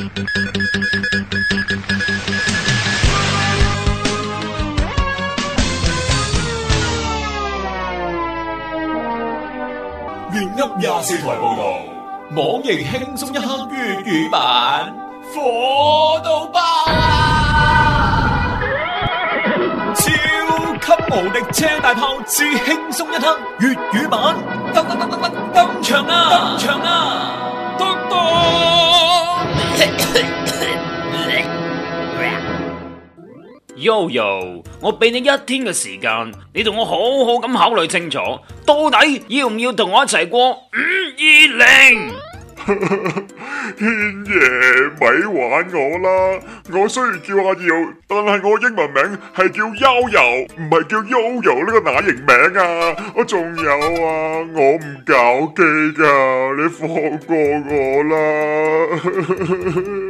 粵音廿四台報道，網易輕鬆一刻粵語版，火到爆啊！ 超級無敵車大炮之輕鬆一刻粵語版，登登登登登登場啊！登場啊！嘟嘟。悠悠，Yo Yo, 我俾你一天嘅時間，你同我好好咁考慮清楚，到底要唔要同我一齊過五二零？天爺咪玩我啦！我雖然叫阿耀，但係我英文名係叫悠悠，唔係叫悠悠呢個乸型名啊！我、啊、仲有啊，我唔搞基噶，你放過我啦！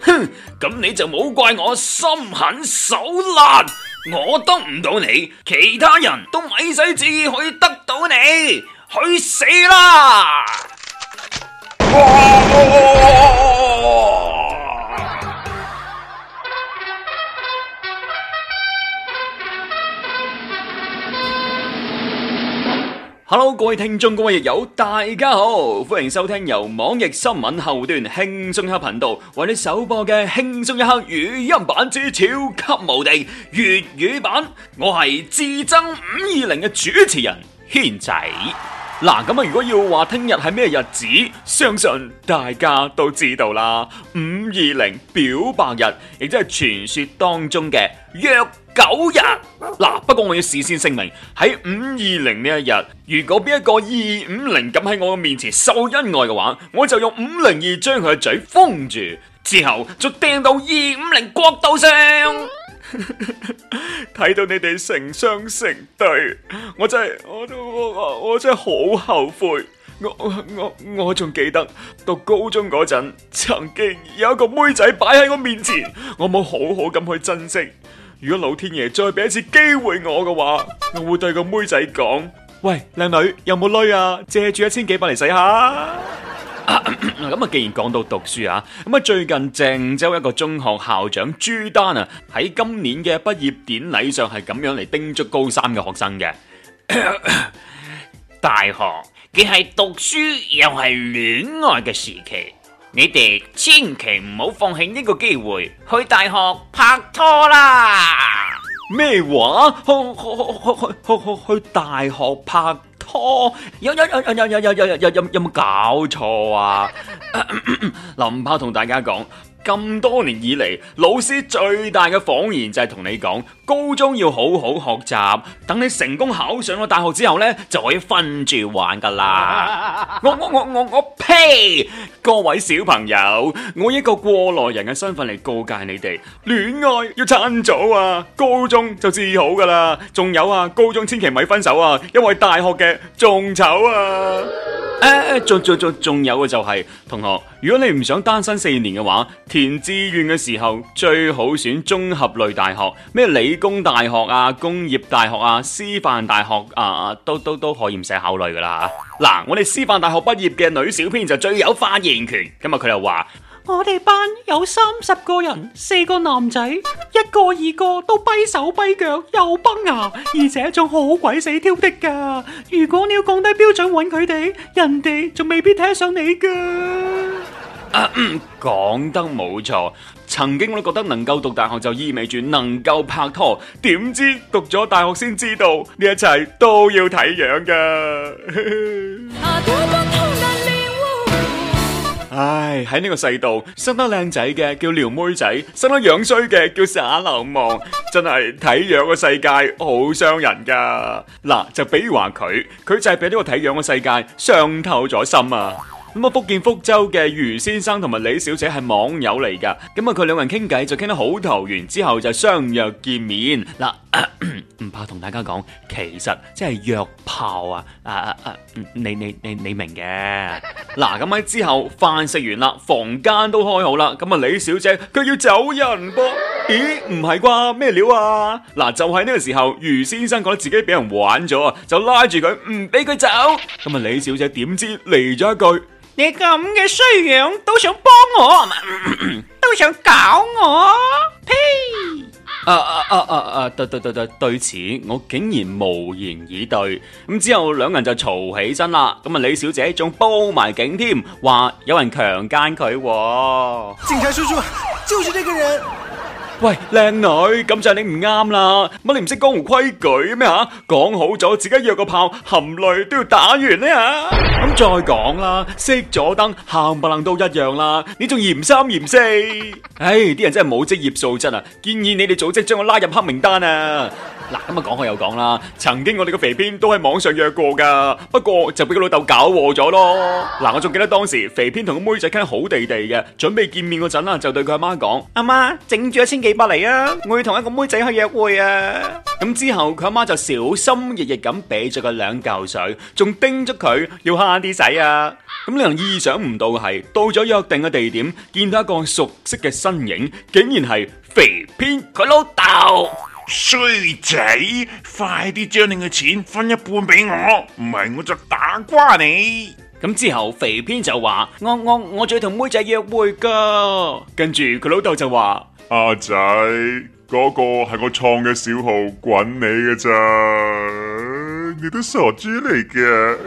哼，咁你就冇怪我心狠手辣，我得唔到你，其他人都咪使旨意可以得到你，去死啦！Hello，各位聽眾，各位亦友，大家好，歡迎收聽由網易新聞後端輕鬆一刻頻道為你首播嘅輕鬆一刻語音版之超級無敵粵語版，我係至憎五二零嘅主持人軒仔。嗱，咁啊，如果要話聽日係咩日子，相信大家都知道啦，五二零表白日，亦即係傳說當中嘅約。九日嗱、啊，不過我要事先聲明，喺五二零呢一日，如果邊一個二五零敢喺我面前秀恩愛嘅話，我就用五零二將佢嘅嘴封住，之後就掟到二五零國道上。睇 到你哋成雙成對，我真係我都我,我真係好後悔。我我我仲記得讀高中嗰陣，曾經有一個妹仔擺喺我面前，我冇好好咁去珍惜。如果老天爺再俾一次機會我嘅話，我會對個妹仔講，喂，靚女，有冇女啊？借住一千幾百嚟使下。咁啊，既然講到讀書啊，咁啊，最近鄭州一個中學校長朱丹啊，喺今年嘅畢業典禮上係咁樣嚟叮囑高三嘅學生嘅。 大學既係讀書又係戀愛嘅時期。你哋千祈唔好放棄呢個機會，去大學拍拖啦！咩話？去去去去大學拍拖？有有有有有有有有有有冇搞錯啊？林拋同大家講，咁多年以嚟，老師最大嘅謊言就係同你講。高中要好好學習，等你成功考上咗大學之後呢，就可以分住玩噶啦。我我我我我呸！各位小朋友，我一個過來人嘅身份嚟，告誡你哋：戀愛要趁早啊，高中就至好噶啦。仲有啊，高中千祈咪分手啊，因為大學嘅仲醜啊。誒、啊，仲仲仲仲有嘅就係、是、同學，如果你唔想單身四年嘅話，填志願嘅時候最好選綜合類大學，咩理。工大學啊，工業大學啊，師範大學啊，都都都可以唔使考慮噶啦。嗱，我哋師範大學畢業嘅女小編就最有發言權。今日佢又話：我哋班有三十個人，四個男仔，一個二個都跛手跛腳，又崩牙，而且仲好鬼死挑剔噶。如果你要降低標準揾佢哋，人哋仲未必睇上你噶。講 得冇錯。曾經我都覺得能夠讀大學就意味住能夠拍拖，點知讀咗大學先知道，呢一切都要睇樣噶。呵呵啊，多多唉，喺呢個世道，生得靚仔嘅叫撩妹仔，生得樣衰嘅叫耍流氓，真係睇樣嘅世界好傷人噶。嗱，就比如話佢，佢就係俾呢個睇樣嘅世界傷透咗心啊。咁啊，福建福州嘅余先生同埋李小姐係網友嚟噶咁啊佢兩人傾偈就傾得好投緣，之後就相約見面。嗱、啊，唔怕同大家講，其實即係約炮啊！啊啊啊，你你你你明嘅？嗱， 咁喺之後飯食完啦，房間都開好啦，咁、嗯、啊李小姐佢要走人噃、啊？咦，唔係啩？咩料啊？嗱，就喺、是、呢個時候，余先生覺得自己俾人玩咗啊，就拉住佢唔俾佢走。咁、嗯、啊李小姐點知嚟咗一句？.你咁嘅衰樣都想幫我咳咳，都想搞我，呸！啊啊啊啊啊！對對對對對此，我竟然無言以對。咁之後兩人就嘈起身啦。咁啊，李小姐仲報埋警添，話有人強奸佢。警察叔叔，就是這個人。喂，靚女，咁就你唔啱啦！乜你唔識江湖規矩咩吓？講好咗，自己約個炮，含淚都要打完呢？吓！咁 再講啦，熄咗燈，冚唪唥都一樣啦！你仲嫌三嫌四，唉，啲、 哎、人真係冇職業素質啊！建議你哋組織將我拉入黑名單啊！嗱，咁啊講開又講啦，曾經我哋個肥編都喺網上約過噶，不過就俾個老豆攪和咗咯。嗱，我仲記得當時肥編同個妹仔傾得好地地嘅，準備見面嗰陣啦，就對佢阿媽講：阿媽，整住一千幾百嚟啊，我要同一個妹仔去約會啊。咁之後佢阿媽就小心翼翼咁俾咗佢兩嚿水，仲叮囑佢要慳啲使啊。咁令人意想唔到係，到咗約定嘅地點，見到一個熟悉嘅身影，竟然係肥編佢老豆。衰仔，快啲將你嘅錢分一半俾我，唔係我就打瓜你。咁之後肥編就話：我我我再同妹仔約會噶。跟住佢老豆就話：阿仔，嗰個係我創嘅小號，滾你嘅咋？你都傻豬嚟嘅。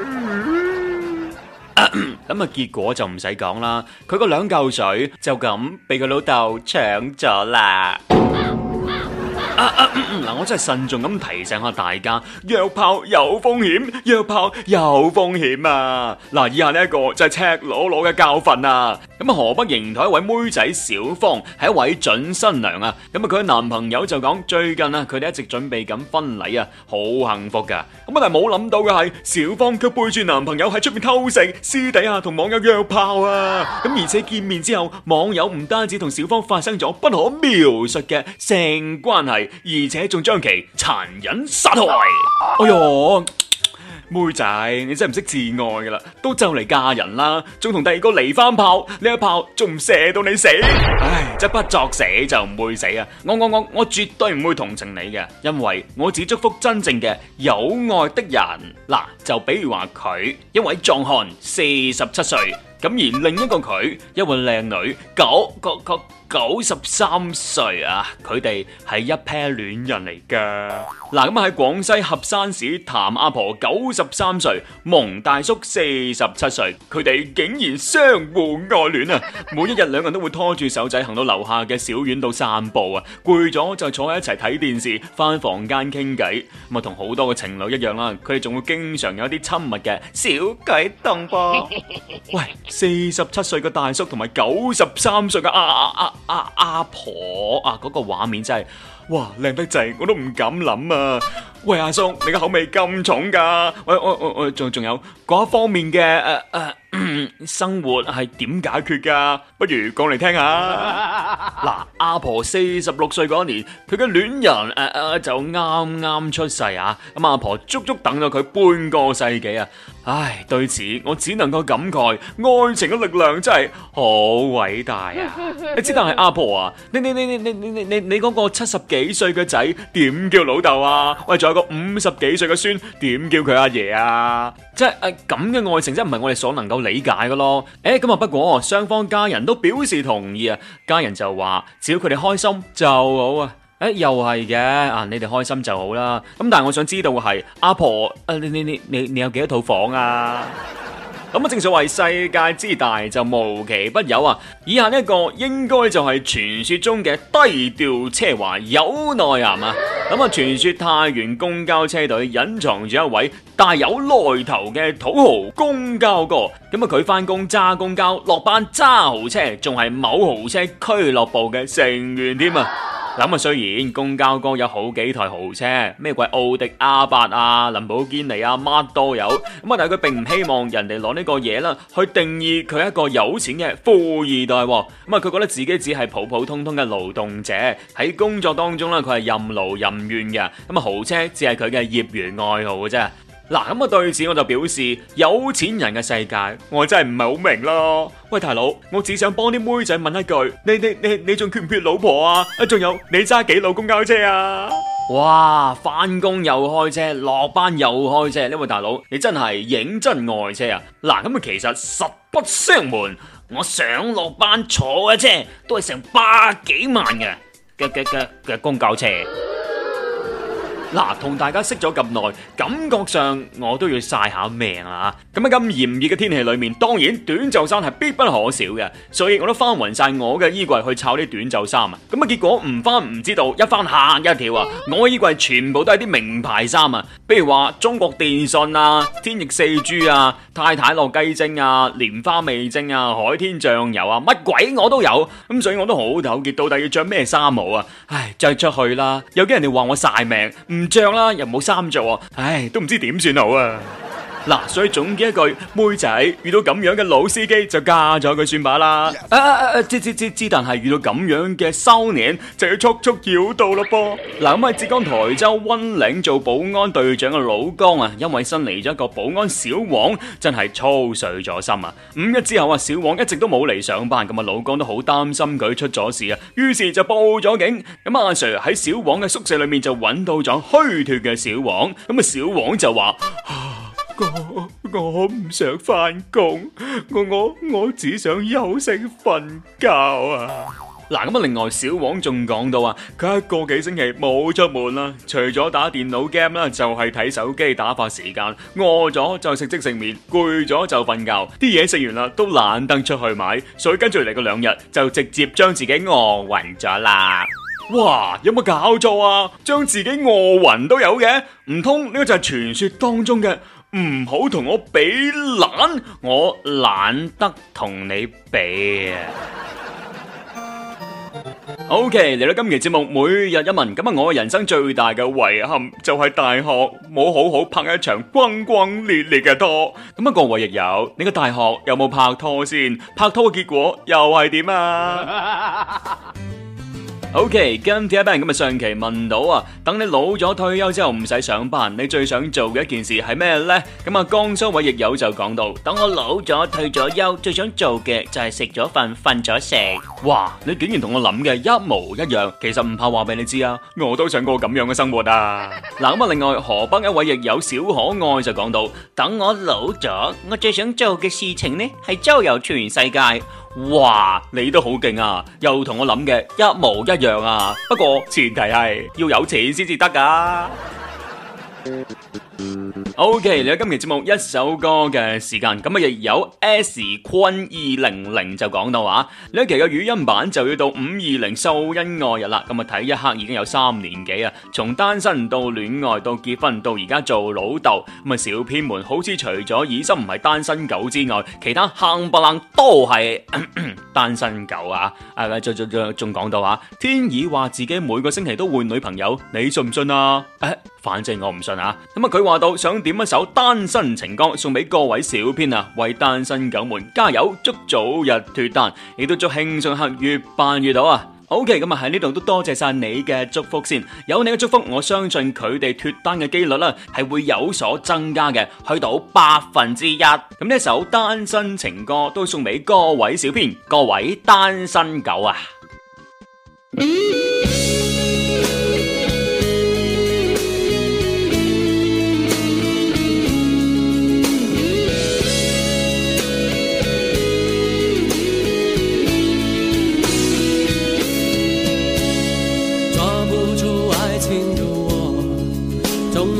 咁啊，結果就唔使講啦，佢個兩嚿水就咁俾佢老豆搶咗啦。嗱，我真係慎重咁提醒下大家，約炮有風險，約炮有風險啊！嗱，以下呢一個就係赤裸裸嘅教訓啊！咁啊，河北邢台一位妹仔小芳係一位準新娘啊，咁啊，佢嘅男朋友就講最近啊，佢哋一直準備緊婚禮啊，好幸福噶。咁啊，但係冇諗到嘅係，小芳卻背住男朋友喺出面偷食，私底下同網友約炮啊！咁而且見面之後，網友唔單止同小芳發生咗不可描述嘅性關係。而且仲將其殘忍殺害。哎喲，妹仔，你真係唔識自愛噶啦，都就嚟嫁人啦，仲同第二個離翻炮，呢一炮仲射到你死。唉，即不作死就唔會死啊！我我我我絕對唔會同情你嘅，因為我只祝福真正嘅有愛的人。嗱，就比如話佢一位壯漢，四十七歲。咁而另一個佢，一位靚女，九個九,九,九十三歲啊！佢哋係一 pair 戀人嚟㗎。嗱、啊，咁喺廣西合山市，譚阿婆九十三歲，蒙大叔四十七歲，佢哋竟然相互愛戀啊！每一日兩人都會拖住手仔行到樓下嘅小院度散步啊，攰咗就坐喺一齊睇電視，翻房間傾偈。咁啊，同好多嘅情侶一樣啦，佢哋仲會經常有一啲親密嘅小舉動噃。喂！四十七歲嘅大叔同埋九十三歲嘅阿阿阿阿婆啊，嗰個畫面真係哇靚得滯，我都唔敢諗啊！喂阿叔，你嘅口味咁重㗎？喂喂喂喂，仲仲有嗰一方面嘅誒誒生活係點解決㗎？不如講嚟聽下。嗱，阿婆四十六歲嗰年，佢嘅戀人誒誒就啱啱出世啊，咁阿婆足足等咗佢半個世紀啊！唉，對此我只能夠感慨愛情嘅力量真係好偉大啊！你知，但係阿婆啊，你你你你你你你你你嗰個七十幾歲嘅仔點叫老豆啊？喂，仲有個五十幾歲嘅孫點叫佢阿爺啊？即係誒咁嘅愛情真係唔係我哋所能夠理解嘅咯。誒，咁啊，不過雙方家人都表示同意啊，家人就話只要佢哋開心就好啊。誒，又係嘅，啊，你哋開心就好啦。咁但係我想知道嘅係，阿婆，誒，你你你你你有幾多套房啊？咁啊，正所謂世界之大就無奇不有啊。以下呢一個應該就係傳說中嘅低調奢華有內涵啊。咁啊，傳說太原公交車隊隱藏住一位大有來頭嘅土豪公交哥。咁啊，佢翻工揸公交，落班揸豪車，仲係某豪車俱樂部嘅成員添啊。咁啊，雖然公交哥有好幾台豪車，咩鬼奧迪 R 八啊、林寶堅尼啊，乜都有。咁啊，但係佢並唔希望人哋攞呢個嘢啦，去定義佢一個有錢嘅富二代。咁啊，佢覺得自己只係普普通通嘅勞動者，喺工作當中咧，佢係任勞任怨嘅。咁啊，豪車只係佢嘅業餘愛好嘅啫。嗱，咁啊，對此我就表示，有錢人嘅世界，我真係唔係好明囉。喂，大佬，我只想幫啲妹仔問一句，你你你你仲缺唔缺老婆啊？啊，仲有，你揸幾路公交車啊？哇，返工又開車，落班又開車，呢位大佬，你真係認真愛車啊！嗱，咁啊，其實實不相瞞，我上落班坐嘅車都係成百幾萬嘅嘅嘅嘅嘅公交車。嗱，同大家識咗咁耐，感覺上我都要晒下命啦、啊。咁喺咁炎熱嘅天氣裏面，當然短袖衫係必不可少嘅，所以我都翻匀晒我嘅衣櫃去炒啲短袖衫啊。咁啊，結果唔翻唔知道，一翻吓一跳啊！我嘅衣櫃全部都係啲名牌衫啊，比如話中國電信啊、天翼四 G 啊、太太樂雞精啊、蓮花味精啊、海天醬油啊，乜鬼我都有。咁所以我都好糾結，到底要着咩衫好啊？唉，着出去啦。有啲人哋話我晒命，唔着啦，又冇衫着，唉，都唔知點算好啊！嗱，所以總結一句，妹仔遇到咁樣嘅老司機就嫁咗佢算罷啦。誒誒誒誒，之之之之，但係遇到咁樣嘅收領就要速速繞道咯噃。嗱，咁喺浙江台州溫嶺做保安隊長嘅老江啊，因為新嚟咗一個保安小王，真係操碎咗心啊。五一之後啊，小王一直都冇嚟上班，咁啊老江都好擔心佢出咗事啊，於是就報咗警。咁啊，阿 Sir 喺小王嘅宿舍裏面就揾到咗虛脫嘅小王，咁啊小王就話。我我唔想翻工，我我我只想休息瞓覺啊！嗱，咁啊，另外小王仲講到啊，佢一個幾星期冇出門啦，除咗打電腦 game 啦，就係睇手機打發時間。餓咗就食即食麵，攰咗就瞓覺。啲嘢食完啦，都懶得出去買，所以跟住嚟嗰兩日就直接將自己餓暈咗啦！哇，有冇搞錯啊？將自己餓暈都有嘅？唔通呢個就係傳說當中嘅？唔好同我比懶，我懶得同你比啊 ！OK，嚟到今期節目每日一問，咁啊，我人生最大嘅遺憾就係大學冇好好拍一場轟轟烈烈嘅拖，咁啊，各位亦有，你嘅大學有冇拍拖先？拍拖嘅結果又係點啊？ O K，今日一班人今日上期問到啊，等你老咗退休之後唔使上班，你最想做嘅一件事係咩呢？咁啊，江蘇一位亦友就講到，等我老咗退咗休，最想做嘅就係食咗瞓，瞓咗食。哇，你竟然同我諗嘅一模一樣，其實唔怕話俾你知啊，我都想過咁樣嘅生活啊。嗱，咁啊，另外河北一位亦友小可愛就講到，等我老咗，我最想做嘅事情呢係周遊全世界。哇，你都好勁啊，又同我諗嘅一模一樣啊！不過前提係要有錢先至得㗎。 O K，你今期節目一首歌嘅時間，咁啊亦有 S 坤二零零就講到話，呢一期嘅語音版就要到五二零秀恩愛日啦，咁啊睇一刻已經有三年幾啊，從單身到戀愛到結婚到而家做老豆，咁啊小編們好似除咗以琛唔係單身狗之外，其他冚唪唥都係單身狗啊！啊，仲仲仲講到話，天宇話自己每個星期都換女朋友，你信唔信啊？哎，反正我唔信啊，咁啊佢話。話到想點一首單身情歌送俾各位小編啊，為單身狗們加油，祝早日脫單，亦都祝慶上客越辦越到啊！OK，咁啊喺呢度都多謝晒你嘅祝福先，有你嘅祝福，我相信佢哋脫單嘅幾率呢、啊、係會有所增加嘅，去到百分之一。咁呢首單身情歌都送俾各位小編，各位單身狗啊！嗯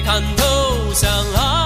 看透相愛。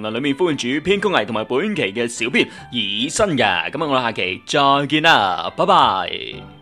嗱，裏面歡迎主編、曲藝同埋本期嘅小編以身嘅，咁啊，我哋下期再見啦，拜拜。